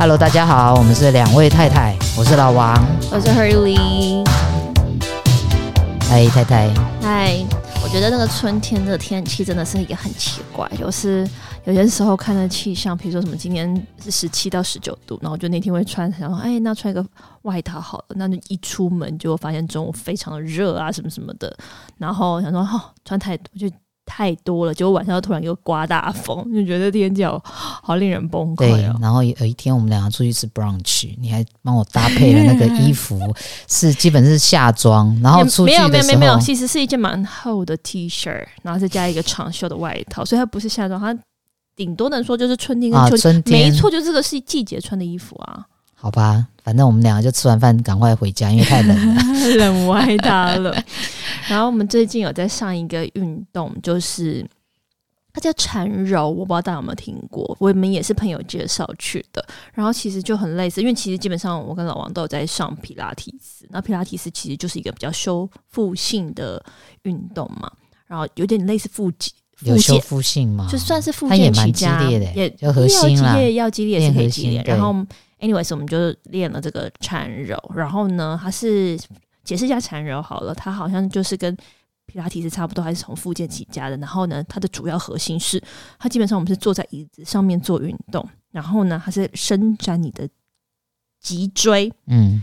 Hello，大家好，我們是兩位太太，我是老王，我是 Hurry。嗨，太太。嗨，我覺得那個春天的天氣真的是也很奇怪，就是有些時候看的氣象，比如說什麼今天是十七到十九度，然後就那天會穿，然後哎，那穿一個外套好了，那就一出門就會發現中午非常的熱啊，什麼什麼的，然後想說哦，穿太多就。太多了，結果晚上突然又颳大風，就覺得天氣好，好令人崩潰哦。對，然後有一天我們兩個出去吃 brunch，你還幫我搭配了那個衣服， 是基本是夏裝，然後出去，嗯、沒有沒有沒有，其實是一件蠻厚的 T 恤，然後再加一個長袖的外套，所以它不是夏裝，它頂多能說就是春天跟秋天，啊，春天沒錯，就是，這個是季節穿的衣服啊。好吧，反正我們兩個就吃完飯趕快回家，因為太冷了， 冷歪他大了。 然後我們最近有在上一個運動，就是它叫禪柔，我不知道大家有沒有聽過。我們也是朋友介紹去的。然後其實就很類似，因為其實基本上我跟老王都有在上皮拉提斯。那皮拉提斯其實就是一個比較修復性的運動嘛，然後有點類似復健。有修復性嗎？就算是復健起家，它也，蠻激烈的，欸、也核心要激烈，要激烈也是可以激烈。然後，anyways，我們就練了這個禪柔，然後呢，它是解釋一下禪柔好了，它好像就是跟皮拉提斯差不多，還是從復健起家的。然後呢，它的主要核心是，它基本上我們是坐在椅子上面做運動。然後呢，它是伸展你的脊椎。嗯。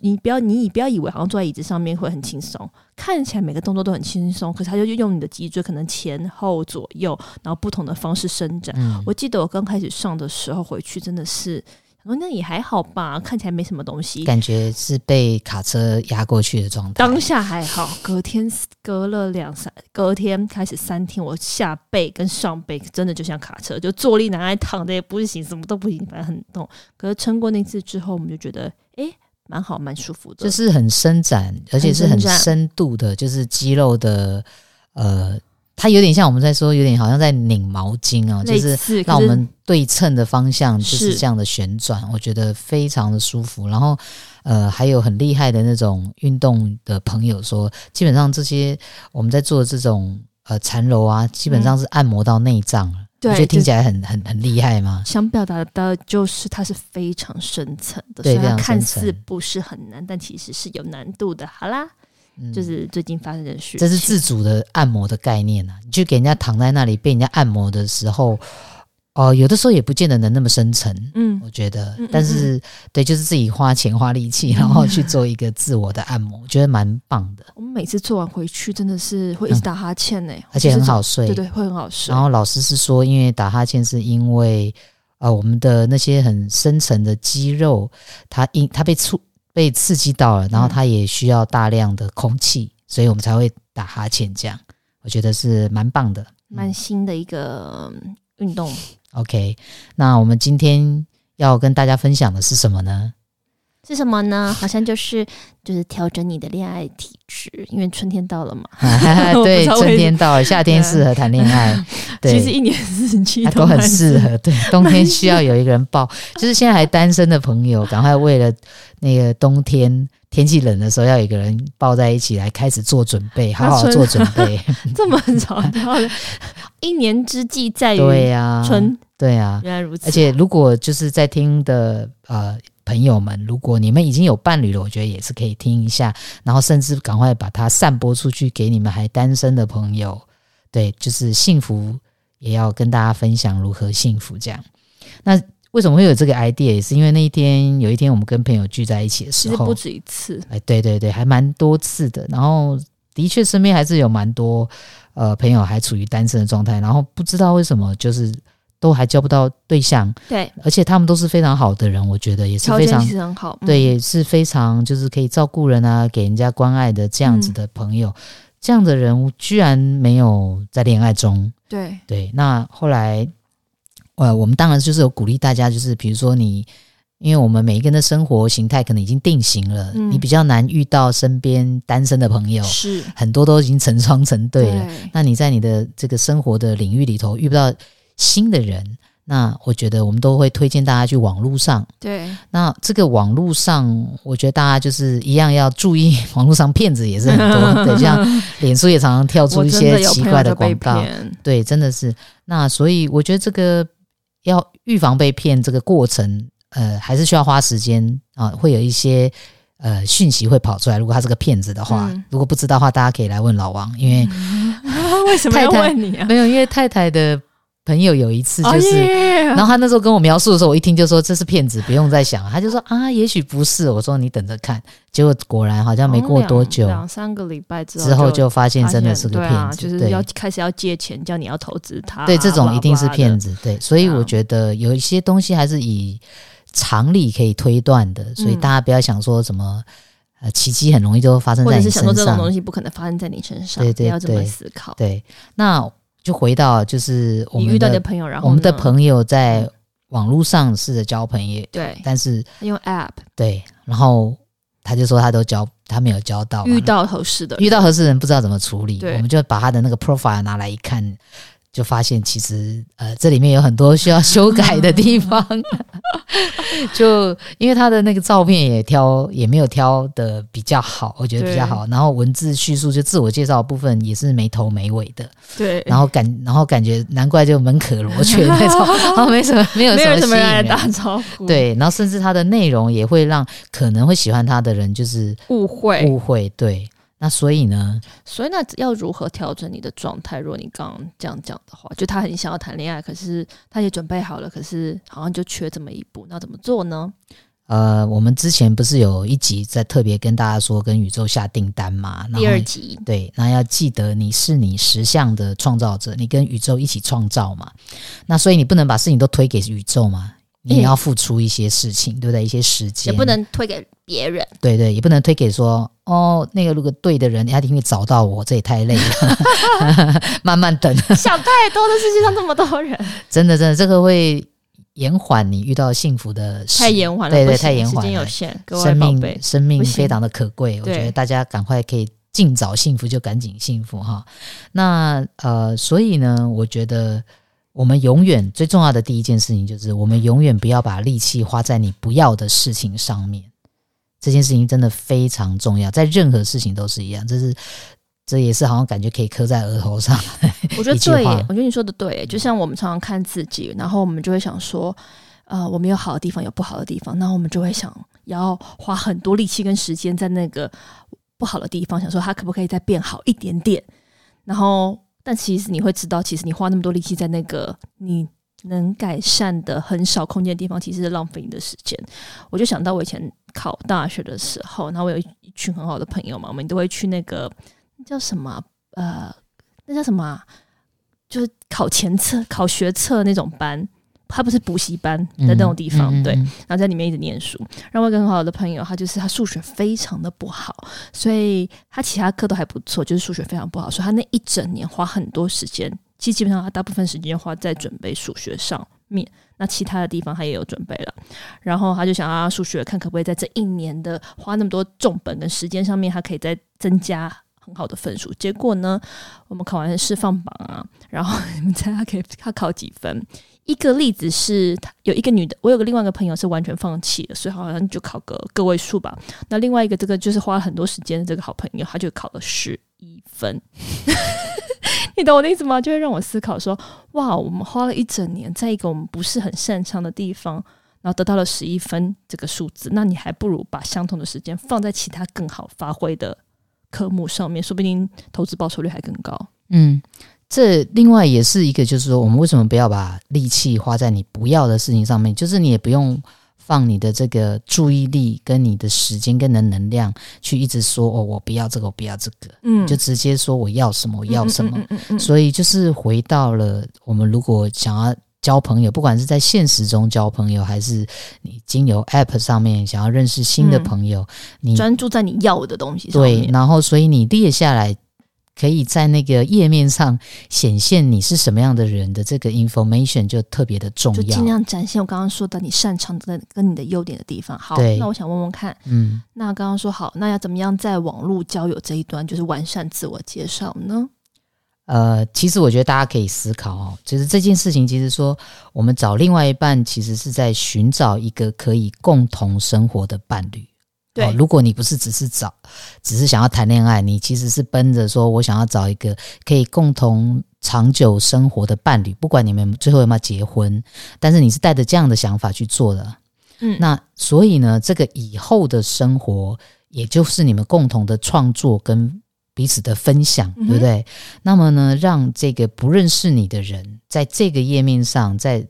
你不要，你不要以為好像坐在椅子上面會很輕鬆，看起來每個動作都很輕鬆，可是他就用你的脊椎可能前後左右，然後不同的方式伸展。嗯、我記得我剛開始上的時候，回去真的是，然後那也還好吧，看起來沒什麼東西，感覺是被卡車壓過去的狀態。當下還好，隔天隔了兩三，隔天開始三天，我下背跟上背真的就像卡車，就坐立難安躺的，躺着也不行，什麼都不行，反正很痛。可是撐過那次之後，我們就覺得，哎、欸。蠻好，蠻舒服的，就是很伸展，而且是很深度的，就是肌肉的，呃，它有點像我們在說，有點好像在擰毛巾啊、哦，就是讓我們對稱的方向就是這樣的旋轉，我覺得非常的舒服。然後，呃，還有很厲害的那種運動的朋友說，基本上這些我們在做的這種呃纏揉啊，基本上是按摩到內臟了。嗯你覺得聽起來很、就是、很很厲害嗎？想表達的就是它是非常深層的，雖然看似不是很難，但其實是有難度的。好啦，嗯、就是最近發生的事，這是自主的按摩的概念吶、啊。你去給人家躺在那裡被人家按摩的時候。哦、呃，有的時候也不見得能那麼深層，嗯，我覺得，但是、嗯嗯嗯、對，就是自己花錢花力氣，然後去做一個自我的按摩，嗯、我覺得蠻棒的。我們每次做完回去，真的是會一直打哈欠呢、欸嗯，而且很好睡，就是、對，對對，會很好睡。然後老師是說，因為打哈欠是因為呃，我們的那些很深層的肌肉，它因它被觸被刺激到了，然後它也需要大量的空氣、嗯，所以我們才會打哈欠這樣，我覺得是蠻棒的，蠻、嗯、新的一個運動。OK，那我們今天要跟大家分享的是什麼呢？是什麼呢？好像就是就是調整你的戀愛體質，因為春天到了嘛。 對，春天到了，啊，夏天適合談戀愛。嗯，對，其實一年四季都，啊、都很適合。對，冬天需要有一個人抱，就是現在還單身的朋友，趕快為了那個冬天 天氣冷的時候要有一個人抱在一起來開始做準備，好好，好做準備。啊， 這麼早的，一年之計在於春。對啊，原來如此啊。而且如果就是在聽的呃朋友們，如果你們已經有伴侶了，我覺得也是可以聽一下，然後甚至趕快把它散播出去給你們還單身的朋友。對，就是幸福也要跟大家分享如何幸福這樣。那為什麼會有這個 idea？也是因為那一天有一天我們跟朋友聚在一起的時候，其實不止一次。哎、呃，對對對，還蠻多次的。然後的確身邊還是有蠻多呃朋友還處於單身的狀態，然後不知道為什麼就是。都還交不到對象，對，而且他們都是非常好的人，我覺得也是非常，非常好，嗯，對，也是非常就是可以照顧人啊，給人家關愛的這樣子的朋友，嗯，這樣的人居然沒有在戀愛中，對對。那後來，呃，我們當然就是有鼓勵大家，就是比如說你，因為我們每一個人的生活形態可能已經定型了，嗯，你比較難遇到身邊單身的朋友，是很多都已經成雙成對了，對。那你在你的這個生活的領域裡頭遇不到新的人，那我覺得我們都會推薦大家去網絡上。對，那這個網絡上，我覺得大家就是一樣要注意，網絡上騙子也是很多 對，像臉書也常常跳出一些奇怪的廣告的。對，真的是。那所以我覺得這個要預防被騙，這個過程呃還是需要花時間啊、呃，會有一些呃訊息會跑出來。如果他是個騙子的話、嗯，如果不知道的話，大家可以來問老王，因為為什麼要問你啊？太太，沒有，因為太太的。朋友有一次就是，oh, yeah. 然後他那時候跟我描述的時候，我一聽就說這是騙子，不用再想了，他就說啊，也許不是。我說你等着看，結果果然好像沒過多久，兩三個禮拜之後，之後就發現真的是個騙子。對啊、就是、要對開始要借錢，叫你要投資他。對這種一定是騙子對、啊。對，所以我覺得有一些東西還是以常理可以推斷的，嗯、所以大家不要想說什麼呃奇蹟很容易就發生在你身上，或者是想說這種東西不可能發生在你身上，對對對，對，要這麼思考。對，那。就回到就是我們遇到的朋友，然後我們的朋友在網絡上試着交朋友，對，但是用 App 對，然後他就說他都交，他沒有交到遇到合適的，遇到合適的人不知道怎麼處理，我們就把他的那個 Profile 拿來一看，就發現其實呃，這裡面有很多需要修改的地方。 就因為他的那個照片也挑，也沒有挑的比較好，我覺得比較好。然後文字敘述，就自我介紹部分也是沒頭沒尾的，對。然後感，然後感覺難怪就門可羅雀那種。然後， 哦，沒什麼，沒有，沒有什麼人來打招呼。對，然後甚至他的內容也會讓可能會喜歡他的人就是誤會，誤會，對。那所以呢？所以那要如何調整你的狀態？如果你剛剛這樣講的話，就他很想要談戀愛，可是他也準備好了，可是好像就缺這麼一步。那怎麼做呢？呃，我們之前不是有一集在特別跟大家說，跟宇宙下訂單嗎？第二集對，那要記得你是你實相的創造者，你跟宇宙一起創造嘛。那所以你不能把事情都推給宇宙嗎？你要付出一些事情，欸、對不對？一些時間也不能推給別人。對對，也不能推給說哦，那個如果對的人，你一定會找到我，這也太累了。 慢慢等，想太多。的世界上這麼多人， 真的真的，這個會延緩你遇到幸福的時間。太延緩了，對對，對，太延緩。時間有限，各位生命生命非常的可貴。我覺得大家趕快可以盡早幸福，就趕緊幸福哈。那呃，所以呢，我覺得。我們永遠最重要的第一件事情就是，我們永遠不要把力氣花在你不要的事情上面。這件事情真的非常重要，在任何事情都是一樣。這是，這也是好像感覺可以刻在額頭上。我覺得對， 我覺得你說的對。就像我們常常看自己，然後我們就會想說，呃，我們有好的地方，有不好的地方，然後我們就會想要花很多力氣跟時間在那個不好的地方，想說它可不可以再變好一點點，然後。但其實你會知道，其實你花那麼多力氣在那個你能改善的很少空間的地方，其實是浪費你的時間。我就想到我以前考大學的時候，然後我有一群很好的朋友嘛，我們都會去那個那叫什麼呃，那叫什麼，就是考前測、考學測那種班。他不是補習班，在那種地方，嗯嗯嗯，對，然後在裡面一直念書。然後我有個很好的朋友，他就是他數學非常的不好，所以他其他課都還不錯，就是數學非常不好，所以他那一整年花很多時間，其實基本上他大部分時間花在準備數學上面。那其他的地方他也有準備了，然後他就想要，啊，數學看可不可以在這一年的花那麼多重本跟時間上面，他可以再增加很好的分數。結果呢，我們考完試放榜啊，然後你們猜他給他考幾分？一個例子是有一個女的，我有個另外一個朋友是完全放棄了，所以好像就考個個位數吧。那另外一個這個就是花了很多時間的這個好朋友，他就考了十一分。 你懂我的意思嗎？就會讓我思考說：哇，我們花了一整年在一個我們不是很擅長的地方，然後得到了十一分這個數字，那你還不如把相同的時間放在其他更好發揮的科目上面，說不定投資報酬率還更高。嗯。這另外也是一個，就是說，我們為什麼不要把力氣花在你不要的事情上面？就是你也不用放你的這個注意力，跟你的時間，跟你的能量，去一直說哦，我不要這個，我不要這個，嗯，就直接說我要什麼，我要什麼嗯嗯嗯嗯。嗯。所以就是回到了我們如果想要交朋友，不管是在現實中交朋友，還是你經由 App 上面想要認識新的朋友，嗯，你專注在你要的東西上面。對，然後所以你列下來。可以在那個頁面上顯現你是什麼樣的人的這個 information 就特別的重要，就盡量展現我剛剛說的你擅長的跟你的優點的地方。好，那我想問問看，嗯，那剛剛說好，那要怎麼樣在網絡交友這一端就是完善自我介紹呢？呃，其實我覺得大家可以思考哦，就是這件事情，其實說我們找另外一半，其實是在尋找一個可以共同生活的伴侶。哦，如果你不是只是找，只是想要談戀愛，你其實是奔着說我想要找一個可以共同長久生活的伴侶，不管你們最後有沒有結婚，但是你是帶着這樣的想法去做的，嗯，那所以呢，這個以後的生活，也就是你們共同的創作跟彼此的分享，對不對？嗯。那麼呢，讓這個不認識你的人在這個頁面上，在。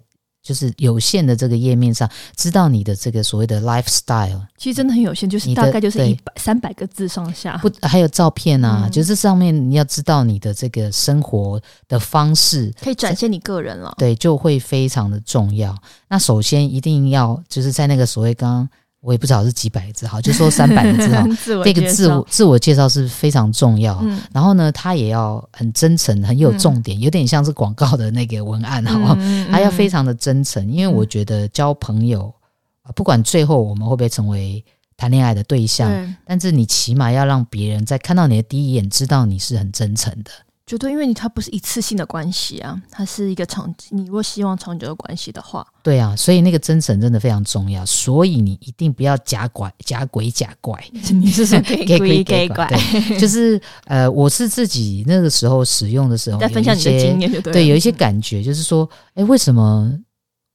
就是有限的這個頁面上，知道你的這個所謂的 lifestyle，其實真的很有限，就是大概就是一百三百個字上下，不還有照片啊？嗯、就這、是、上面你要知道你的這個生活的方式，可以展現你個人了，對，就會非常的重要。那首先一定要就是在那個所謂剛剛。我也不知道是幾百字好，就說三百字好。那、 這個自我自我介紹是非常重要。嗯、然後呢，他也要很真誠，很有重點、嗯，有點像是廣告的那個文案哈。他、嗯、要非常的真誠，因為我覺得交朋友、嗯啊，不管最後我們會不會成為談戀愛的對象、嗯，但是你起碼要讓別人在看到你的第一眼知道你是很真誠的。絕對，因為你它不是一次性的關係啊，它是一個長。你若希望長久的關係的話，對啊，所以那個真誠真的非常重要。所以你一定不要假拐假鬼假怪， 你是是假鬼假怪。 就是呃，我是自己那個時候使用的時候，你在分享你的經驗就對。對，有一些感覺，就是說，誒、欸、為什麼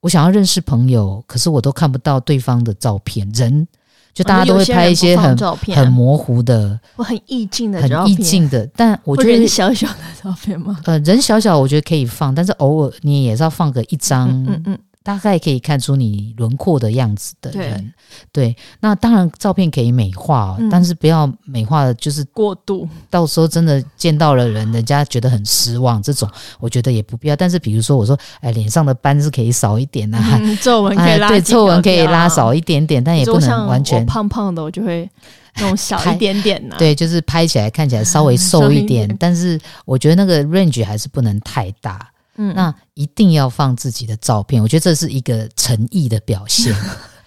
我想要認識朋友，可是我都看不到對方的照片人。就大家都會拍一些很、很模糊的，很意境的照片，很意境的。但我覺、我覺得人小小的照片嗎？呃，人小小，我覺得可以放，但是偶爾你也是要放個一張。嗯嗯。嗯大概可以看出你輪廓的樣子的人對，對，那當然照片可以美化，哦，嗯，但是不要美化的就是過度，到時候真的見到了人，人家覺得很失望，這種我覺得也不必要。但是比如說，我說哎，臉上的斑是可以少一點啊，嗯、皺紋可以拉，對，皺紋可以拉少一點點，但也不能完全。胖胖的我就會那種小一點點的，啊。對，就是拍起來看起來稍微瘦一點、嗯、一點，但是我覺得那個 range 還是不能太大。嗯，那一定要放自己的照片，我覺得這是一個誠意的表現。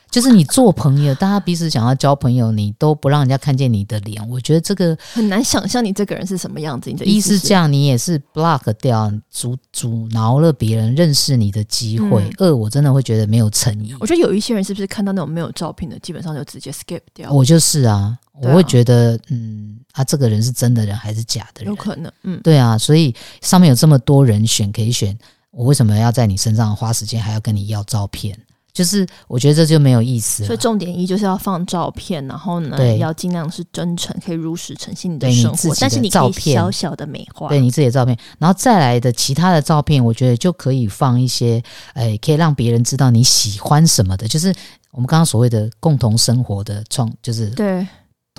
就是你做朋友，大家彼此想要交朋友你，你都不讓人家看見你的臉，我覺得這個很難想象，你這個人是什麼樣子。你的意，意思這樣，你也是 block 掉，阻阻撓了別人認識你的機會。二、嗯，我真的會覺得沒有誠意。我覺得有一些人是不是看到那種沒有照片的，基本上就直接 skip 掉。我就是啊。我會覺得、啊，嗯，啊，這個人是真的人還是假的人？有可能，嗯，對啊，所以上面有這麼多人選可以選，我為什麼要在你身上花時間，還要跟你要照片？就是我覺得這就沒有意思了。所以重點一就是要放照片，然後呢，對，要儘量是真誠，可以如實呈現你的生活，自己但是你照片。小小的美化對你自己的照片，然後再來的其他的照片，我覺得就可以放一些，欸，可以讓別人知道你喜歡什麼的，就是我們剛剛所謂的共同生活的創，就是對。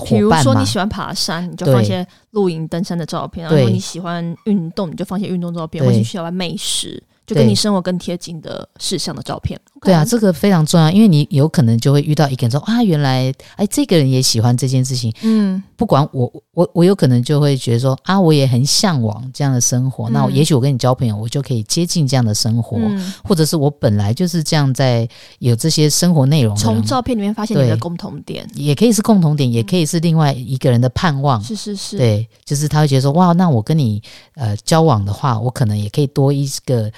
比如說你喜歡爬山，你就放一些露營、登山的照片；然後你喜歡運動，你就放一些運動照片；或者你喜歡美食，就跟你生活更貼近的事項的照片，okay? 對啊，這個非常重要，因為你有可能就會遇到一個人說啊，原來哎，這個人也喜歡這件事情，嗯，不管我我我有可能就會覺得說啊，我也很向往這樣的生活，嗯、那我也許我跟你交朋友，我就可以接近這樣的生活，嗯、或者是我本來就是這樣在有這些生活內容，從照片裡面發現你的共同點，也可以是共同點，也可以是另外一個人的盼望，是是是，對，就是他會覺得說哇，那我跟你呃交往的話，我可能也可以多一個。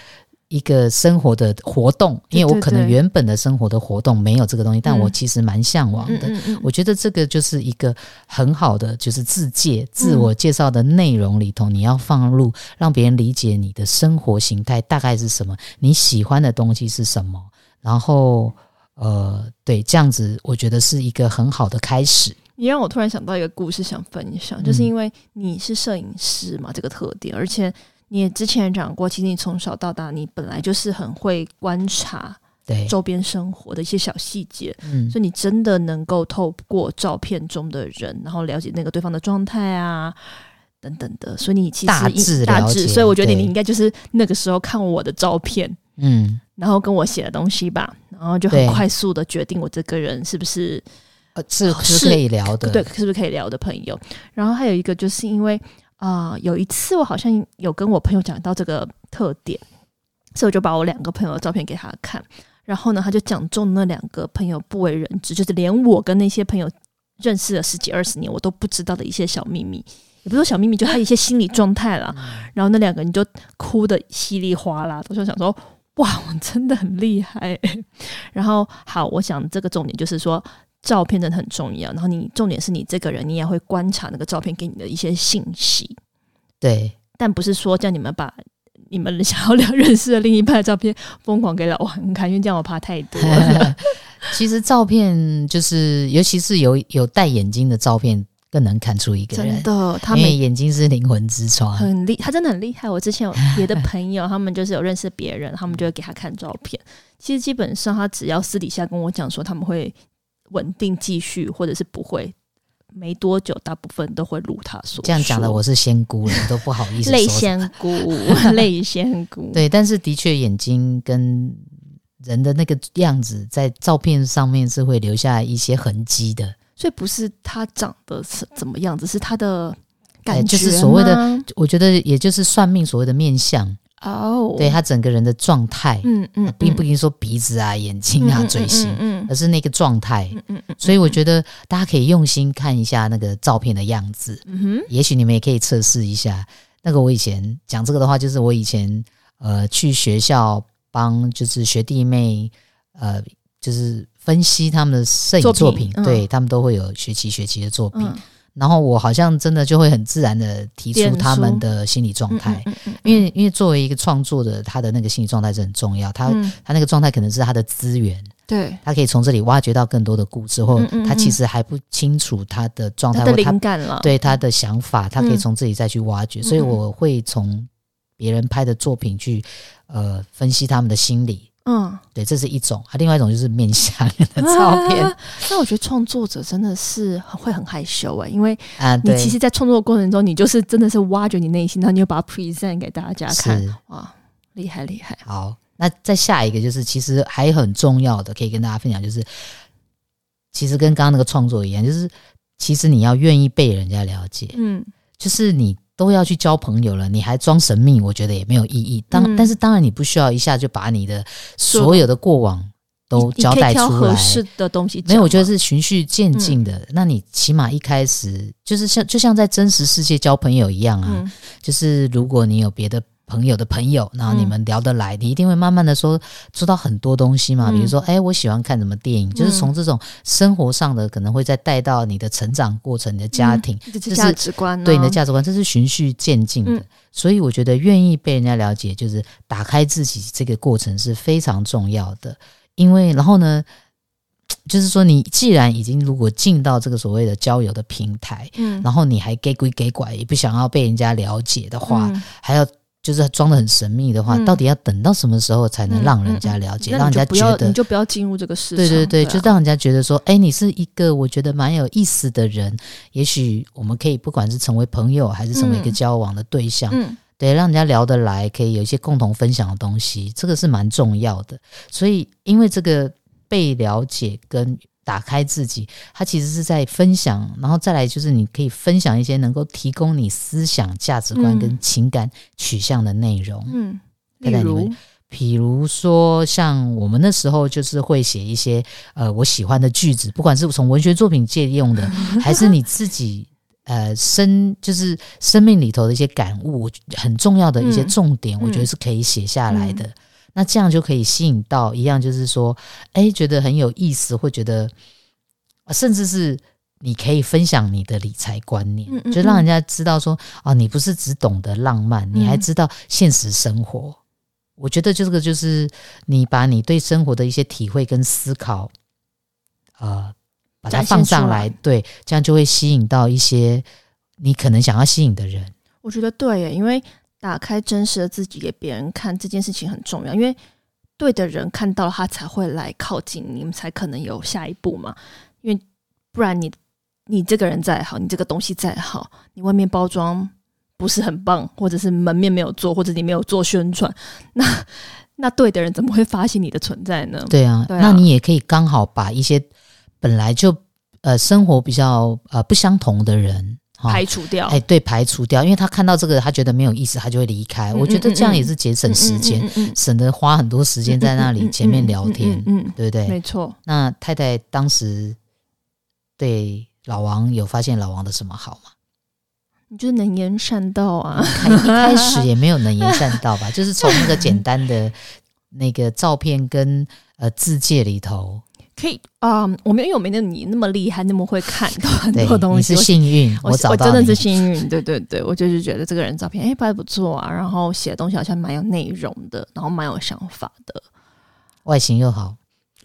一個生活的活動，因為我可能原本的生活的活動沒有這個東西，對對對，但我其實蠻向往的，嗯嗯嗯嗯。我覺得這個就是一個很好的，就是自介、自我介紹的內容裡頭，嗯、你要放入讓別人理解你的生活形態大概是什麼，你喜歡的東西是什麼，然後呃，對，這樣子我覺得是一個很好的開始。你讓我突然想到一個故事，想分享，就是因為你是攝影師嘛，嗯、這個特點，而且。你也之前講過，其實你從小到大，你本來就是很會觀察周邊生活的一些小細節，嗯，所以你真的能夠透過照片中的人，然後了解那個對方的狀態啊，等等的，所以你其實大致大致，所以我覺得你應該就是那個時候看我的照片，嗯，然後跟我寫的東西吧，然後就很快速的決定我這個人是不是呃是是可以聊的，對，是不是可以聊的朋友？然後還有一個就是因為。啊、呃，有一次我好像有跟我朋友講到這個特點，所以我就把我兩個朋友的照片給他看，然後呢，他就講中那兩個朋友不為人知，就是連我跟那些朋友認識了十幾二十年，我都不知道的一些小秘密，也不是小秘密，就是、他一些心理狀態啦。然後那兩個人就哭得稀里嘩啦，我就想說，哇，我真的很厲害、欸。然後好，我想這個重點就是說，照片真的很重要，然後你重點是你這個人，你也會觀察那個照片給你的一些信息。對，但不是說叫你們把你們想要聊認識的另一半的照片瘋狂給老王看，因為這樣我怕太多了。 其實照片就是，尤其是有有戴眼鏡的照片，更能看出一個人。真的，他們眼睛是靈魂之窗，很厲，他真的很厲害。我之前有別的朋友， 他們就是有認識別人，他們就會給他看照片。其實基本上，他只要私底下跟我講說，他們會。穩定繼續，或者是不會，沒多久，大部分都會如他所說這樣講的，我是仙姑了， 都不好意思， 淚仙姑 淚仙姑。對，但是的確，眼睛跟人的那個樣子，在照片上面是會留下一些痕跡的。所以不是他長得是怎麼樣子，只是他的感覺、哎就是、所謂的，我覺得也就是算命所謂的面相。哦、oh，對他整個人的狀態，嗯嗯、呃，並不一定說鼻子啊、嗯、眼睛啊、嘴型、嗯嗯，嗯,而是那個狀態，嗯嗯，嗯。所以我覺得大家可以用心看一下那個照片的樣子，嗯哼。也許你們也可以測試一下。那個我以前講這個的話，就是我以前呃去學校幫就是學弟妹，呃，就是分析他們的攝影作品，作品對、嗯、他們都會有學期學期的作品。嗯然後我好像真的就會很自然的提出他們的心理狀態，因為因為作為一個創作者，他的那個心理狀態是很重要，嗯、他他那個狀態可能是他的資源，對，他可以從這裡挖掘到更多的故事。或他其實還不清楚他的狀態，他的靈感了，或他對他的想法，他可以從這裡再去挖掘，嗯。所以我會從別人拍的作品去呃分析他們的心理。嗯，對，這是一種啊，另外一種就是面相的照片。啊啊啊啊那我覺得創作者真的是會很害羞哎、欸，因為啊，你其實，在創作的過程中，你就是真的是挖掘你內心，然後你就把它 present 給大家看，是哇，厲害厲害。好，那再下一個就是，其實還很重要的可以跟大家分享，就是其實跟剛剛那個創作一樣，就是其實你要願意被人家了解，嗯，就是你。都要去交朋友了，你還裝神秘，我覺得也沒有意義。當、嗯、但是當然，你不需要一下就把你的所有的過往都交代出來。是的東西，沒有，我覺得是循序漸進的、嗯。那你起碼一開始就是像就像在真實世界交朋友一樣啊，嗯、就是如果你有別的。朋友的朋友，然後你們聊得來，嗯、你一定會慢慢的說知道很多東西嘛。嗯、比如說，哎、欸，我喜歡看什麼電影，嗯、就是從這種生活上的可能會再帶到你的成長過程、你的家庭，嗯、這是價值觀，哦就是，對你的價值觀，這是循序漸進的、嗯。所以我覺得，願意被人家了解，就是打開自己這個過程是非常重要的。因為然後呢，就是說，你既然已經如果進到這個所謂的交友的平台，嗯，然後你還假鬼假怪，也不想要被人家了解的話，嗯、還要。就是裝得很神秘的話、嗯，到底要等到什麼時候才能讓人家了解？嗯嗯、讓人家覺得你就不要進入這個世界。對對對，對啊，就讓人家覺得說，哎、欸，你是一個我覺得蠻有意思的人。也許我們可以不管是成為朋友，還是成為一個交往的對象，嗯，嗯，對，讓人家聊得來，可以有一些共同分享的東西，這個是蠻重要的。所以，因為這個被了解跟。打開自己，它其實是在分享，然後再來就是你可以分享一些能夠提供你思想、價值觀跟情感取向的內容。嗯，你們比如說像我們那時候就是會寫一些呃我喜歡的句子，不管是從文學作品借用的， 還是你自己呃生就是生命裡頭的一些感悟，很重要的一些重點，嗯，我覺得是可以寫下來的。嗯嗯嗯那這樣就可以吸引到一樣，就是說，哎、欸，覺得很有意思，會覺得，甚至是你可以分享你的理財觀念，嗯嗯嗯，就讓人家知道說，啊、呃，你不是只懂得浪漫，你還知道現實生活。嗯、我覺得就這個，就是你把你對生活的一些體會跟思考，呃，把它放上來，對，這樣就會吸引到一些你可能想要吸引的人。我覺得對耶，因為。打開真實的自己給別人看，這件事情很重要，因為對的人看到他才會來靠近你們，才可能有下一步嘛。因為不然你你這個人再好，你這個東西再好，你外面包裝不是很棒，或者是門面沒有做，或者你沒有做宣傳，那那對的人怎麼會發現你的存在呢？對啊，對啊，那你也可以剛好把一些本來就呃生活比較呃不相同的人，排除掉。哦，哎，對，排除掉，因為他看到這個，他覺得沒有意思，他就會離開。嗯嗯嗯，我覺得這樣也是節省時間。嗯嗯嗯嗯嗯，省得花很多時間在那裡前面聊天嗯嗯嗯嗯嗯嗯嗯，對不對？沒錯。那太太當時對老王有發現老王的什麼好嗎？你覺得能言善道啊？嗯、一開始也沒有能言善道吧， 就是從那個簡單的那個照片跟呃字界裡頭。可以啊，我沒有，因為我沒有你那麼厲害，那麼會看到很多東西。你是幸運，我真的是幸運。對對對，我就是覺得這個人的照片哎、欸、拍得不錯啊，然後寫的東西好像蠻有內容的，然後蠻有想法的，外形又好。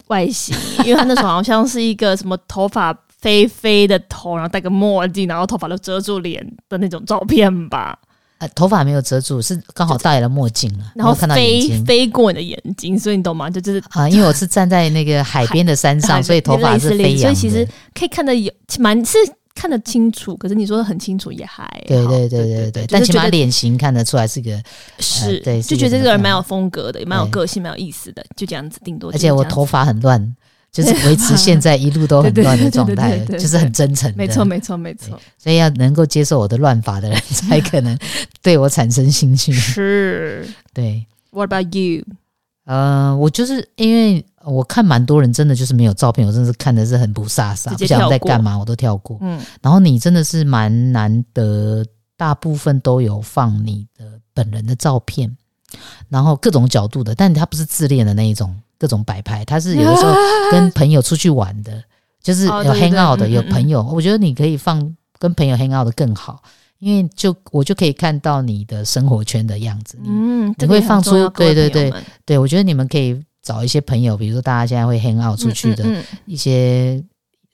外形，因為他那時候好像是一個什麼頭髮飛飛的頭，然後戴個墨鏡，然後頭髮都遮住臉的那種照片吧。啊、頭髮沒有遮住，是剛好戴了墨鏡然，然後看到飛過你的眼睛，所以你懂嗎？就就是啊，因為我是站在那個海邊的山上，所以頭髮是飛揚的類是類，所以其實可以看得有蠻是看得清楚，可是你說的很清楚也還對對對對對，就是，但起碼臉型看得出來是，個是、呃、是一個是，對，就覺得這個人蠻有風格的，也蠻有個性，蠻有意思的，就這樣子定多子。而且我頭髮很亂。就是維持現在一路都很亂的狀態，就是很真誠的。沒錯，沒錯，沒錯。所以要能夠接受我的亂髮的人，才可能對我產生興趣。 是，對。What about you？呃，我就是因為我看蠻多人真的就是沒有照片，我真的是看的是很不颯颯，不知道在幹嘛，我都跳過。嗯。然後你真的是蠻難得，大部分都有放你的本人的照片，然後各種角度的，但他不是自戀的那一種。各種擺拍，他是有的時候跟朋友出去玩的，啊、就是有 hang out 的、哦對對嗯嗯，有朋友。我覺得你可以放跟朋友 hang out 的更好，因為就我就可以看到你的生活圈的樣子。嗯，你會放出、這個、對對對對，我覺得你們可以找一些朋友，比如說大家現在會 hang out 出去的一些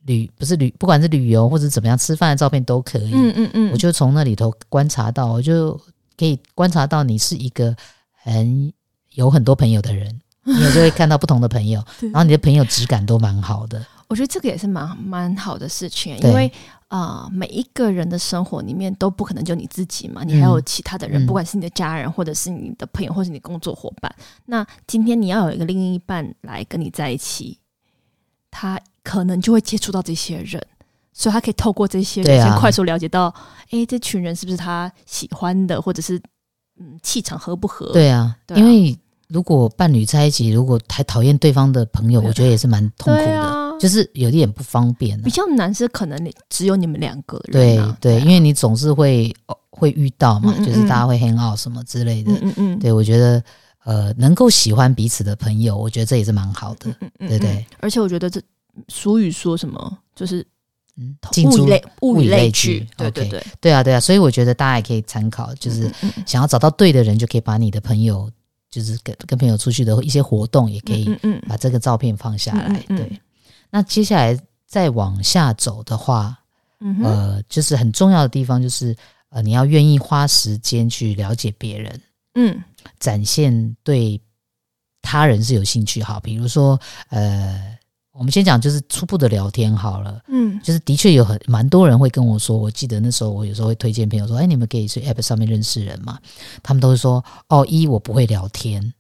旅，不是旅，不管是旅遊或者怎麼樣，吃飯的照片都可以。嗯嗯嗯，我就從那裡頭觀察到，我就可以觀察到你是一個很有很多朋友的人。你就會看到不同的朋友， 然後你的朋友質感都蠻好的。我覺得這個也是蠻蠻好的事情，因為啊、呃，每一個人的生活裡面都不可能就你自己嘛，你還有其他的人，嗯、不管是你的家人、嗯，或者是你的朋友，或者是你的工作夥伴。那今天你要有一個另一半來跟你在一起，他可能就會接觸到這些人，所以他可以透過這些人，啊、先快速了解到，誒、欸，這群人是不是他喜歡的，或者是嗯，氣場合不合？對啊，對啊，因為，如果伴侶在一起，如果還討厭對方的朋友，啊、我覺得也是蠻痛苦的，啊、就是有一點不方便、啊。比較難是可能只有你們兩個人、啊。對對,對、啊，因為你總是會、哦、會遇到嘛嗯嗯嗯，就是大家會 hang out 什麼之類的。嗯嗯,嗯。對，我覺得呃，能夠喜歡彼此的朋友，我覺得這也是蠻好的。嗯嗯,嗯,嗯。對,對對。而且我覺得這俗語說什麼，就是嗯，物類物以類聚。對對對、okay。對啊對啊，所以我覺得大家也可以參考，就是想要找到對的人，就可以把你的朋友。嗯嗯嗯就是跟跟朋友出去的一些活動，也可以把這個照片放下來，嗯嗯嗯。對，那接下來再往下走的話，嗯、呃，就是很重要的地方，就是呃，你要願意花時間去了解別人，嗯，展現對他人是有興趣哈。比如說，呃。我們先講，就是初步的聊天好了。嗯，就是的確有很蠻多人會跟我說，我記得那時候我有時候會推薦朋友說：“哎、欸，你們可以去 App 上面認識人嘛。”他們都會說：“哦，一，我不會聊天，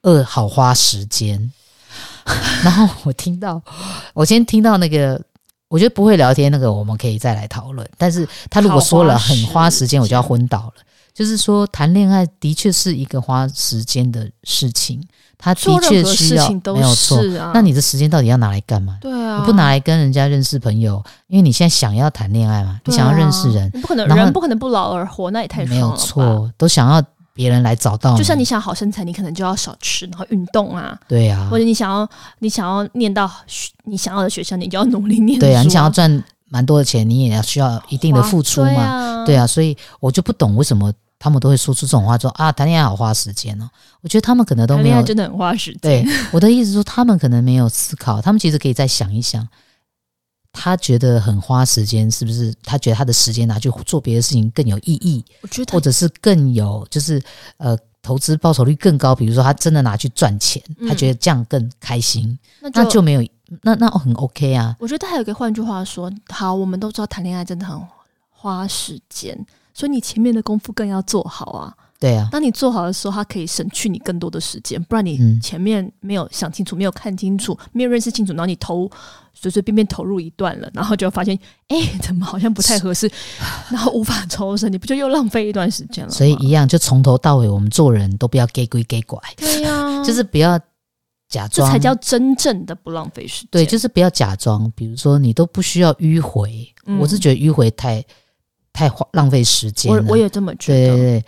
二，好花時間。 ”然後我聽到，我先聽到那個，我覺得不會聊天那個，我們可以再來討論。但是他如果說了很花時間，我就要昏倒了。就是說，談戀愛的確是一個花時間的事情。他的確需要事情都是、啊、沒有錯。那你的時間到底要拿來幹嘛？對啊，你不拿來跟人家認識朋友，因為你現在想要談戀愛嘛，啊、你想要認識人，你不可能然後，人不可能不勞而獲，那也太了。沒有錯。都想要別人來找到，就像你想好身材，你可能就要少吃然後運動啊，對啊。或者你想要你想要念到你想要的學校，你就要努力念，啊。對啊，你想要賺蠻多的錢，你也要需要一定的付出嘛對、啊，對啊，所以我就不懂為什麼。他們都會說出這種話，說，說啊，談戀愛好花時間哦。我覺得他們可能都沒有，談戀愛真的很花時間。對，我的意思是說，他們可能沒有思考，他們其實可以再想一想，他覺得很花時間是不是？他覺得他的時間拿去做別的事情更有意義，我覺得，或者是更有，就是呃，投資報酬率更高。比如說，他真的拿去賺錢，嗯，他覺得這樣更開心，那就，那就沒有，那那很 OK 啊。我覺得他還可以。換句話說，好，我們都知道談戀愛真的很花時間。所以你前面的功夫更要做好啊！對啊，當你做好的時候，它可以省去你更多的時間。不然你前面沒有想清楚、嗯、沒有看清楚、沒有認識清楚，然後你投隨隨便便投入一段了，然後就發現哎，怎麼好像不太合適， 然後無法抽身，你不就又浪費一段時間了？所以一樣，就從頭到尾，我們做人都不要假鬼假怪，對啊， 就是不要假裝，這才叫真正的不浪費時間。對，就是不要假裝。比如說，你都不需要迂迴、嗯，我是覺得迂迴太。太花浪費時間了，我我也這麼覺得對對對。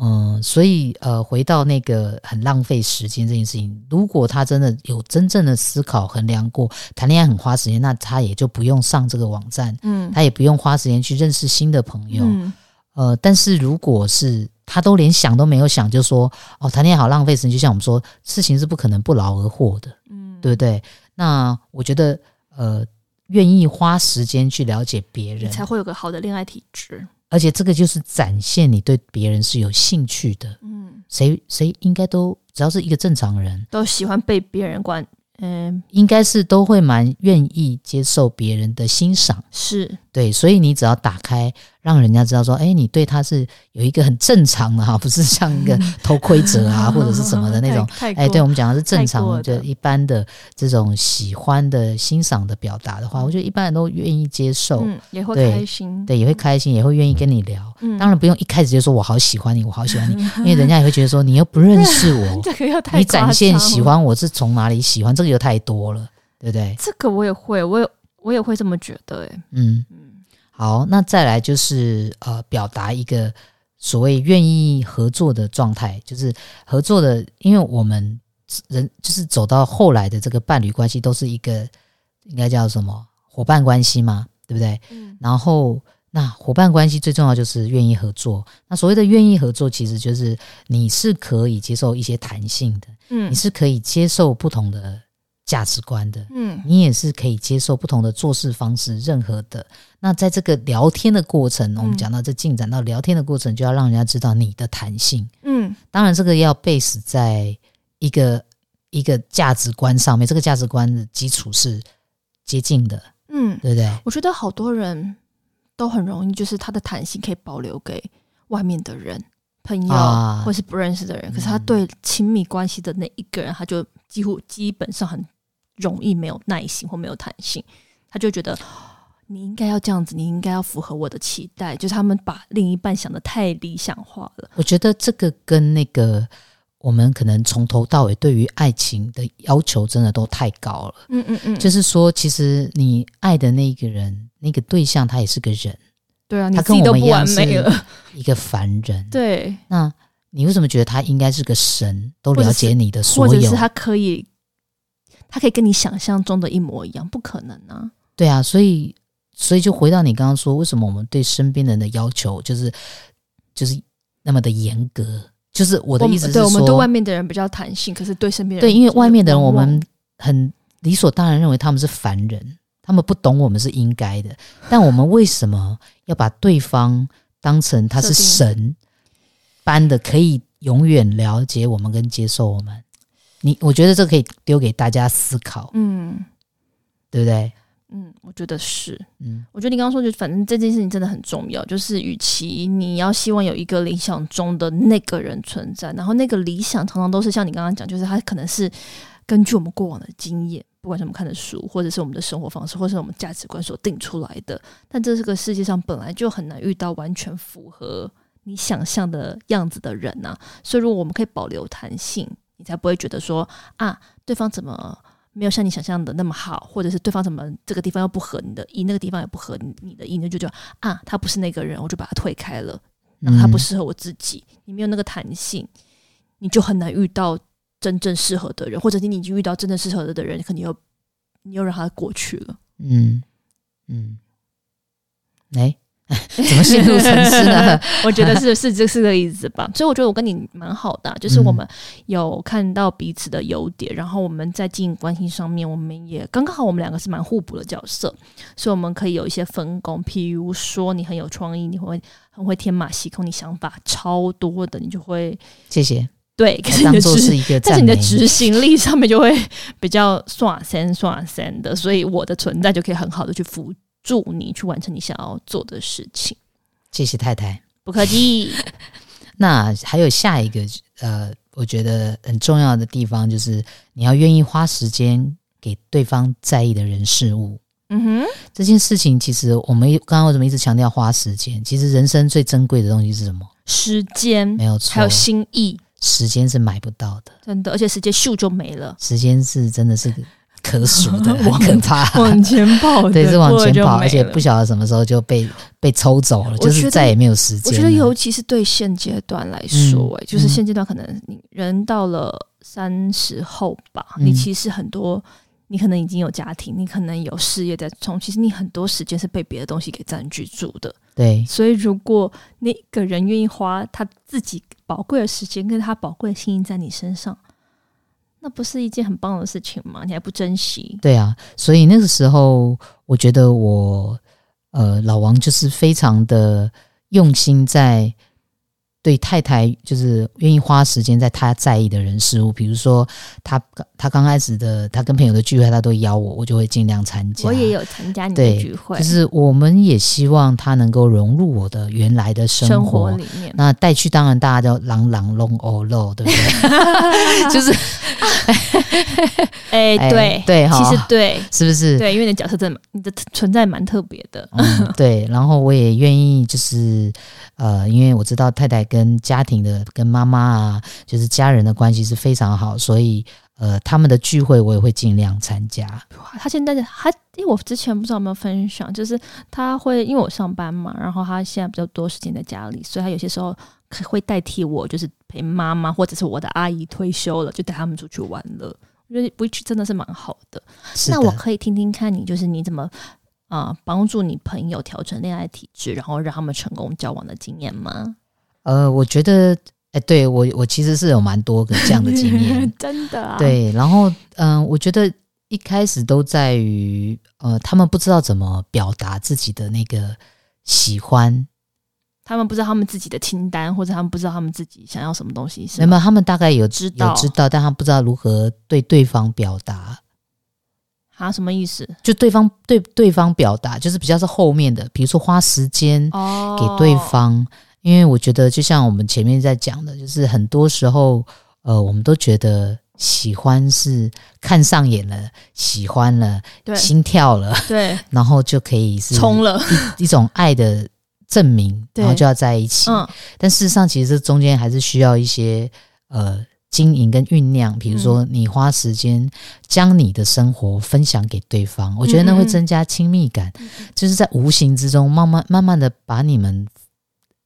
嗯、呃，所以呃，回到那個很浪費時間這件事情，如果他真的有真正的思考衡量過談戀愛很花時間，那他也就不用上這個網站，嗯，他也不用花時間去認識新的朋友。嗯、呃，但是如果是他都連想都沒有想，就說哦談戀愛好浪費時間，就像我們說，事情是不可能不勞而獲的，嗯，對不對？那我覺得呃。願意花時間去了解別人，才會有個好的戀愛體質。而且，這個就是展現你對別人是有興趣的。嗯，誰誰應該都，只要是一個正常人，都喜歡被別人關。嗯，應該是都會蠻願意接受別人的欣賞。是。對，所以你只要打開，讓人家知道說，哎、欸，你對他是有一個很正常的哈，不是像一個偷窺者啊， 或者是什麼的那種。哎、 欸，對，我們講的是正常的，就一般的這種喜歡的、欣賞的表達的話，我覺得一般人都願意接受、嗯，也會開心。對，對，也會開心，也會願意跟你聊、嗯。當然不用一開始就說我好喜歡你，我好喜歡你，嗯，因為人家也會覺得說你又不認識我， 這個又太了。你展現喜歡我是從哪裡喜歡，這個又太多了，對不對？這個我也會，我也我也會這麼覺得、欸，嗯。好，那再來就是呃，表達一個所謂願意合作的狀態，就是合作的，因為我們人就是走到後來的這個伴侶關係都是一個應該叫什麼夥伴關係嘛，對不對？嗯。然後那夥伴關係最重要就是願意合作，那所謂的願意合作，其實就是你是可以接受一些彈性的，嗯，你是可以接受不同的。價值觀的，嗯，你也是可以接受不同的做事方式，任何的。那在這個聊天的過程，嗯、我們講到這進展到聊天的過程，就要讓人家知道你的彈性，嗯，當然這個要 base 在一個一個價值觀上面，這個價值觀的基礎是接近的，嗯，對不對？我覺得好多人都很容易，就是他的彈性可以保留給外面的人。朋友或是不認識的人，啊嗯、可是他對親密關係的那一個人，他就幾乎基本上很容易沒有耐心或沒有彈性，他就覺得、哦、你應該要這樣子，你應該要符合我的期待。就是他們把另一半想得太理想化了。我覺得這個跟那個，我們可能從頭到尾對於愛情的要求真的都太高了。嗯嗯嗯，就是說，其實你愛的那一個人，那個對象，他也是個人。對啊，你自己都不完美了。一,一個凡人。 對，那你為什麼覺得他應該是個神，都了解你的所有？或者是，或者是他可以，他可以跟你想象中的一模一樣？不可能啊！對啊，所以，所以就回到你剛剛說，為什麼我們對身邊人的要求就是就是那麼的嚴格？就是我的意思是說我們對，我們對外面的人比較彈性，可是對身邊的人對，因為外面的人我們很理所當然認為他們是凡人。他們不懂我們是應該的，但我們為什麼要把對方當成他是神般的，可以永遠了解我們跟接受我們？你我覺得這可以丟給大家思考，嗯，對不對？嗯，我覺得是，嗯，我覺得你剛剛說，就反正這件事情真的很重要，就是與其你要希望有一個理想中的那個人存在，然後那個理想常常都是像你剛剛講，就是他可能是根據我們過往的經驗。不管是我們看的書，或者是我們的生活方式，或是我們價值觀所定出來的，但這是個世界上本來就很難遇到完全符合你想象的樣子的人吶、啊。所以，如果我們可以保留彈性，你才不會覺得說啊，對方怎麼沒有像你想象的那麼好，或者是對方怎麼這個地方又不合你的意，你那個地方也不合你的意，你就覺得啊，他不是那個人，我就把他推開了，然後他不適合我自己、嗯。你沒有那個彈性，你就很難遇到。真正適合的人，或者你已經遇到真正適合的的人，肯定又，你又讓他過去了。嗯嗯，哎， 怎麼陷入沉思呢？ 我覺得是是這四個意思吧。 所以我覺得我跟你蠻好的，啊，就是我們有看到彼此的優點，嗯，然後我們在經營關係上面，我們也剛剛好，我們兩個是蠻互補的角色，所以我們可以有一些分工。譬如說你很有創意，你會很會天馬行空，你想法超多的，你就會謝謝。對，可是當是一個，但是你的執行力上面就會比較耍三耍三的，所以我的存在就可以很好的去輔助你去完成你想要做的事情。謝謝太太，不客氣。 那還有下一個呃，我覺得很重要的地方就是你要願意花時間給對方在意的人事物。嗯哼，這件事情其實我們剛剛為什麼一直強調花時間？其實人生最珍貴的東西是什麼？時間沒有錯，還有心意。時間是買不到的，真的，而且時間咻就沒了。時間是真的是可數的，我跟 他往，往前跑， 對，是往前跑，而且不曉得什麼時候就被被抽走了，就是再也沒有時間。我覺得，尤其是對現階段來說，欸，哎，嗯，就是現階段可能你人到了三十後吧，嗯，你其實很多，你可能已經有家庭，你可能有事業在衝，其實你很多時間是被別的東西給佔據住的。對，所以如果那個人願意花他自己。寶貴的時間跟他寶貴的心意在你身上，那不是一件很棒的事情嗎？你還不珍惜？對啊，所以那個時候，我覺得我呃，老王就是非常的用心在對太太，就是願意花時間在他在意的人事物，比如說他。他剛開始的，他跟朋友的聚會，他都邀我，我就會盡量參加。我也有參加你的聚會，就是我們也希望他能夠融入我的原來的生活，生活裡面。那帶去當然大家都狼狼弄歐肉，對不對？ 就是、啊哎哎，哎，對對，對，其實對，是不是？對，因為你的角色真的，你的存在蠻特別的、嗯。對，然後我也願意，就是呃，因為我知道太太跟家庭的、跟媽媽啊，就是家人的關係是非常好，所以。呃，他們的聚會我也會盡量參加。哇，他現在還，因為我之前不知道有沒有分享，就是他會因為我上班嘛，然後他現在比較多時間在家裡，所以他有些時候會代替我，就是陪媽媽或者是我的阿姨退休了，就帶他們出去玩了。我覺得不真的是蠻好的。是的。那我可以聽聽看你，就是你怎麼啊，呃，幫助你朋友調整戀愛體質，然後讓他們成功交往的經驗嗎？呃，我覺得。哎、欸，對我，我其實是有蠻多個這樣的經驗， 真的、啊。對，然後，嗯、呃，我覺得一開始都在於，呃，他們不知道怎麼表達自己的那個喜歡，他們不知道他們自己的清單，或者他們不知道他們自己想要什麼東西。是沒有，他們大概有知道，有知道，但他不知道如何對對方表達。好，什麼意思？就對方對對方表達，就是比較是後面的，比如說花時間給對方、哦。因為我覺得，就像我們前面在講的，就是很多時候，呃，我們都覺得喜歡是看上眼了，喜歡了，心跳了，對，然後就可以是衝了一，一種愛的證明，然後就要在一起。嗯，但事實上，其實這中間還是需要一些呃經營跟醞釀。比如說，你花時間將你的生活分享給對方，嗯，我覺得那會增加親密感，嗯嗯，就是在無形之中慢慢慢慢的把你們。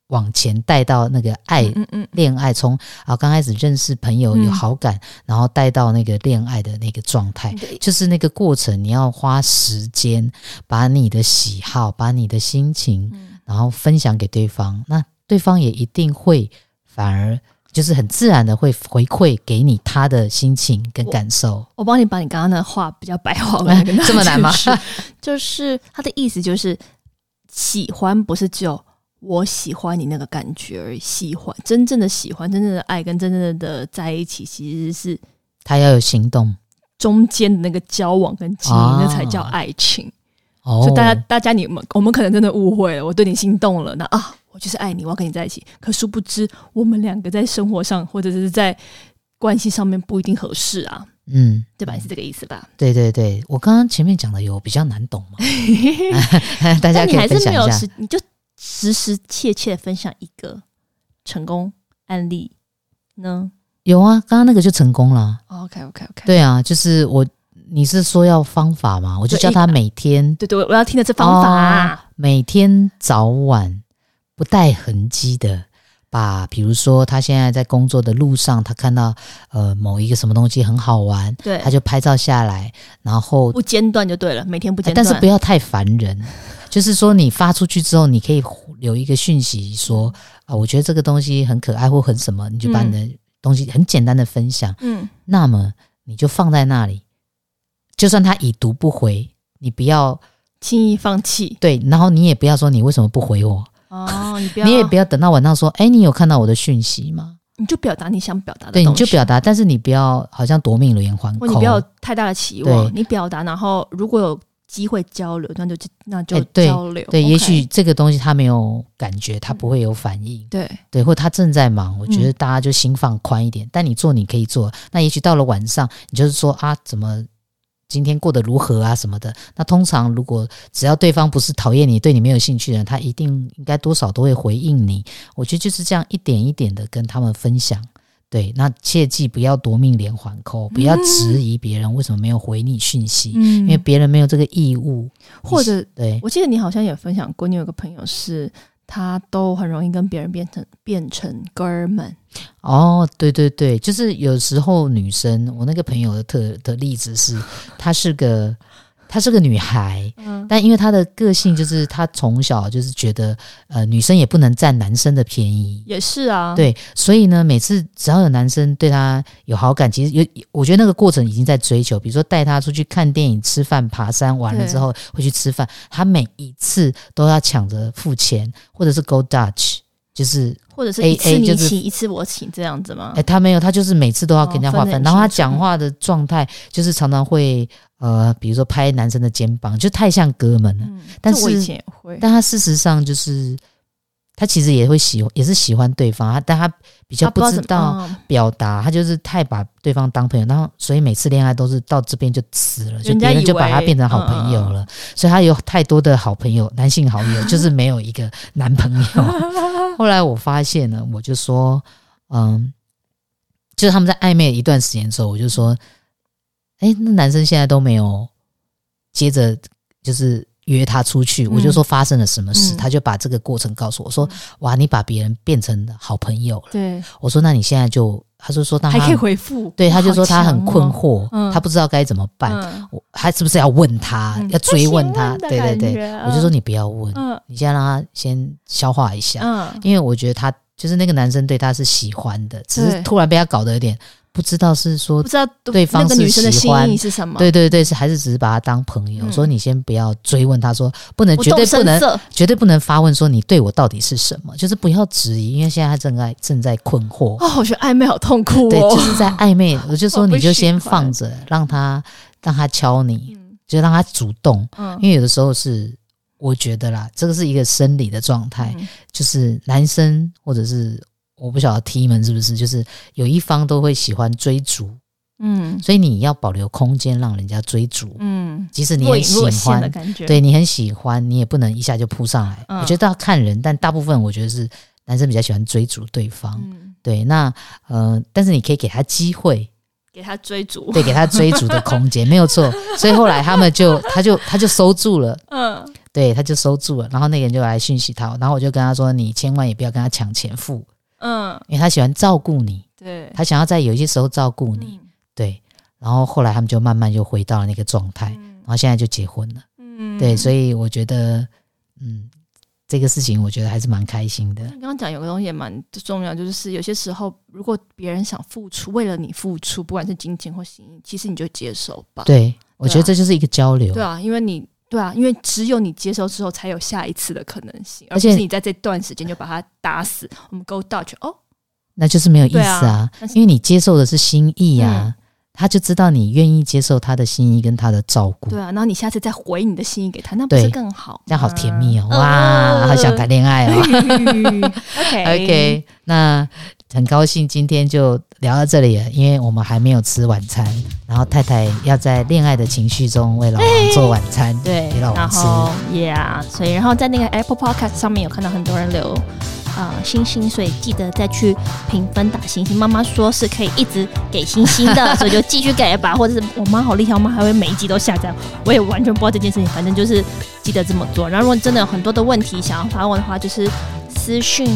往前帶到那個愛，嗯嗯，嗯，戀愛從啊剛開始認識朋友有好感，嗯、然後帶到那個戀愛的那個狀態，就是那個過程，你要花時間把你的喜好、把你的心情，然後分享給對方，嗯、那對方也一定會反而就是很自然的會回饋給你他的心情跟感受。我幫你把你剛剛的話比較白話，這麼難嗎？就是他的意思就是喜歡不是就我喜歡你那個感覺，而喜歡真正的喜歡，真正的愛跟真正的在一起，其實是他要有行動，中間的那個交往跟經營，啊，那才叫愛情。哦，就大家大家你們我們可能真的誤會了，我對你心動了，那啊，我就是愛你，我要跟你在一起。可殊不知，我們兩個在生活上或者是在關係上面不一定合適啊。嗯，對吧？是這個意思吧？對對對，我剛剛前面講的有比較難懂嗎？ 大家可以分享一下，你，你就。實實切切分享一個成功案例呢？有啊，剛剛那個就成功了。Oh, OK OK OK。對啊，就是我，你是說要方法嗎？我就教他每天。對對，對，我要聽的是方法啊。哦，每天早晚不帶痕跡的把，比如說他現在在工作的路上，他看到呃某一個什麼東西很好玩，對，他就拍照下來，然後不間斷就對了，每天不間斷。哎，但是不要太煩人。 就是說，你發出去之後，你可以留一個訊息說：“啊，我覺得這個東西很可愛，或很什麼。”你就把你的東西很簡單的分享。嗯，那麼你就放在那裡，就算他已讀不回，你不要輕易放棄。對，然後你也不要說你為什麼不回我。哦，你不要 你也不要等到晚上說：“哎、欸，你有看到我的訊息嗎？”你就表達你想表達的。對，你就表達，但是你不要好像奪命連環 call。哦，你不要太大的期望。你表達，然後如果有。機會交流，那就那就交流。欸、對，對、okay，也許這個東西他沒有感覺，他不會有反應。嗯、對，對，或他正在忙，我覺得大家就心放寬一點。嗯、但你做，你可以做。那也許到了晚上，你就是說啊，怎麼今天過得如何啊什麼的。那通常如果只要對方不是討厭你、對你沒有興趣的人，他一定應該多少都會回應你。我覺得就是這樣一點一點的跟他們分享。對，那切記不要奪命連環扣，不要質疑別人為什麼沒有回你訊息，嗯，因為別人沒有這個義務。或者，對，我記得你好像也分享過，你有個朋友是，他都很容易跟別人變成變成哥們。哦，對對對，就是有時候女生，我那個朋友的特的例子是，她是個。 她是個女孩，嗯，但因為她的個性，就是她從小就是覺得，呃，女生也不能佔男生的便宜。也是啊，對，所以呢，每次只要有男生對她有好感，其實有，我覺得那個過程已經在追求。比如說帶她出去看電影、吃飯、爬山，完了之後會去吃飯，她每一次都要搶着付錢，或者是 Go Dutch，就是。或者是一次你,、欸、你請、就是，一次我請，這樣子嗎？哎、欸，他沒有，他就是每次都要跟人家劃分,、哦分得很清楚。然後他講話的狀態，就是常常會呃，比如說拍男生的肩膀，就太像哥們了。嗯、但是我以前也會。但他事實上就是。他其實也會喜歡，也是喜歡對方，但他比較不知道表達，他就是太把對方當朋友，然後所以每次戀愛都是到這邊就死了，就別人就把他變成好朋友了，所以他有太多的好朋友，嗯嗯，男性好友就是沒有一個男朋友。 後來我發現了，我就說，嗯，就是他們在曖昧一段時間之後，我就說，哎、欸，那男生現在都沒有接着，就是。約他出去，我就說發生了什麼事，嗯、他就把這個過程告訴我，我說：“哇，你把別人變成好朋友了。”對，對我說：“那你現在就？”他就說他：“說他還可以回復。”對，他就說他很困惑，喔、他不知道該怎麼辦。嗯、我還是不是要問他，嗯、要追問他？嗯、他問對對對、嗯，我就說你不要問、嗯，你先讓他先消化一下，嗯、因為我覺得他就是那個男生對他是喜歡的，只是突然被他搞得有點。不知道是說，不知道對方是喜歡你是什麼？對對對，是還是只是把他當朋友？所、嗯、以你先不要追問他說，說不能不絕對不能絕對不能發問說，你對我到底是什麼？就是不要質疑，因為現在他正在正在困惑。哦，我覺得曖昧好痛苦、哦。對，就是在曖昧。 我就說你就先放着，讓他讓他敲你，就讓他主動。嗯、因為有的時候是我覺得啦，這個是一個生理的狀態、嗯，就是男生或者是。我不曉得 T 們是不是，就是有一方都會喜歡追逐，嗯，所以你要保留空間讓人家追逐，嗯，即使你很喜歡，對你很喜歡，你也不能一下就撲上來。嗯。我覺得要看人，但大部分我覺得是男生比較喜歡追逐對方，嗯、對，那呃，但是你可以給他機會，給他追逐，對，給他追逐的空間， 沒有錯。所以後來他們就，他就，他就收住了，嗯，對，他就收住了。然後那個人就來訊息他，然後我就跟他說，你千萬也不要跟他搶錢付。嗯，因為他喜歡照顧你，對他想要在有些時候照顧你，你，對，然後後來他們就慢慢就回到了那個狀態，嗯，然後現在就結婚了，嗯，對，所以我覺得，嗯，這個事情我覺得還是蠻開心的。剛剛講有個東西也蠻重要，就是有些時候如果別人想付出，為了你付出，不管是金錢或心意，其實你就接受吧。對，對啊，我覺得這就是一個交流，對啊，因為你。對啊，因為只有你接受之後，才有下一次的可能性。而且而不是你在這段時間就把他打死，呃、我們 go Dutch 哦，那就是沒有意思啊，啊。因為你接受的是心意啊，嗯、他就知道你願意接受他的心意跟他的照顧。對啊，然後你下次再回你的心意給他，那不是更好啊？那好好甜蜜哦，喔嗯，哇，好，呃、想談戀愛哦，喔。呃呃呃呃、 okay. OK，那。很高興今天就聊到這裡了，因為我們還沒有吃晚餐，然後太太要在戀愛的情緒中為老公做晚餐，欸、給對，然後吃，yeah，所以，然後在那個 Apple Podcast 上面有看到很多人留啊、呃、星星，所以記得再去評分打星星。媽媽說是可以一直給星星的，所以就繼續給吧。 或者是我媽好厲害，我媽還會每一集都下載，我也完全不知道這件事情，反正就是記得這麼做。然後如果真的有很多的問題想要發問的話，就是私訊。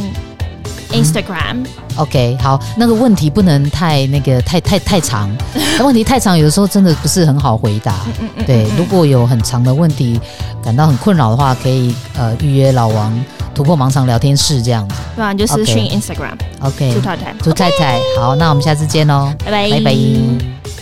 Instagram，OK，嗯 okay, 好，那個問題不能太那個太太太長， 但問題太長有的時候真的不是很好回答。 對，如果有很長的問題感到很困擾的話，可以呃預約老王突破盲腸聊天室這樣子。對啊，就是私信 Instagram，OK，豬太太，豬太太，好，那我們下次見嘍、哦，拜，拜拜。